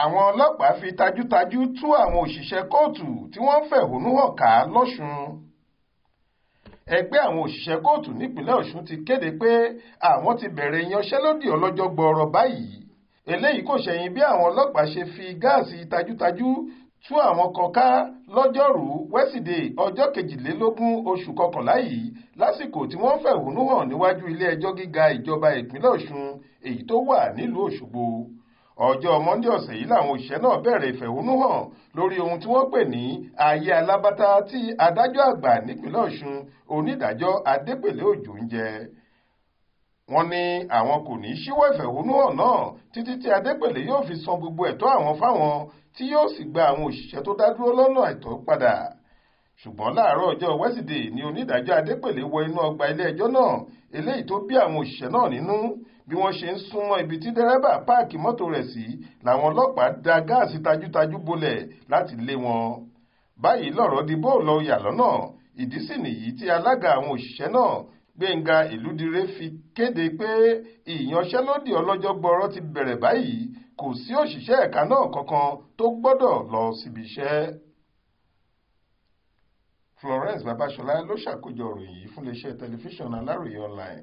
àwọn ọlọ́pàá fi tajútajú tú àwọn òṣìṣẹ́ kóòtù tí wọ́n ń fẹ̀hónú hàn ká lọ́sùn ẹgbẹ́ àwọn òṣìṣẹ́ kóòtù nípínlẹ̀ ọ̀ṣun ti kéde pé àwọn ti bẹ̀rẹ̀ ìyanṣẹ́lódì ọlọ́jọ́ gbọọrọ báyìí eléyìí kò ṣẹ̀yìn bí àwọn ọlọ́pàá ṣe fi gáàsì tajútajú tú àwọn kan ká lọ́jọ́rùú wẹ́sídẹ̀ẹ́ ọjọ́ kejìlélógún oṣù kọkànlá yìí lásìkò tí wọ́n fẹ̀hónú hàn níwájú ilé ẹjọ́ gíga ìjọba ìpínlẹ̀ ọ̀ṣun èyí tó wà nílùú òṣogbo ọjọ́ monde ọ̀sẹ̀ yìí làwọn òṣìṣẹ́ náà bẹ̀rẹ̀ ìfẹ̀hónúhàn lórí ohun tí wọ́n pè ní ayé alábátá tí adájọ́ àgbà nípìnlẹ̀ ọ̀ṣun onídàájọ́ adépèlé òjò ń jẹ wọ́n ní àwọn kò ní í ṣíwọ́ ìfẹ̀hónúhàn náà títí tí adépèlé yóò fi san gbogbo ẹ̀tọ́ àwọn fáwọn tí yóò sì gba àwọn òṣìṣẹ́ tó dá lọ́nà àìtọ́ padà ṣùgbọ́n láàárọ̀ ọjọ́ wẹ́sídẹ̀ẹ́ ni onídàájọ́ adépèlé wọ inú ọgbà ilé ẹjọ́ náà eléyìí tó bí àwọn òṣìṣẹ́ náà nínú bí wọ́n ṣe ń súnmọ́ ibi tí dẹ́rẹ́bà páàkì mọ́tò rẹ̀ sí làwọn ọlọ́pàá da gáàsì tajútajú bolẹ̀ láti lé wọn. báyìí lọ̀rọ̀ di bóòlọ yà lọ́nà ìdí sì nìyí tí alága àwọn òṣìṣẹ́ náà gbẹ̀ngà ìlúdire fi kéde pé ìyanṣẹ́lódì ọlọ́jọ́ gbọ́rọ́ ti bẹ̀rẹ̀ báyìí kò sí òṣìṣẹ́ ẹ̀ka náà kankan tó gbọ́dọ̀ lọ síbi iṣẹ́. Florence Babasola ló ṣàkójọ ìròyìn yìí fún iléeṣẹ́ tẹlifíṣàn Aláròye online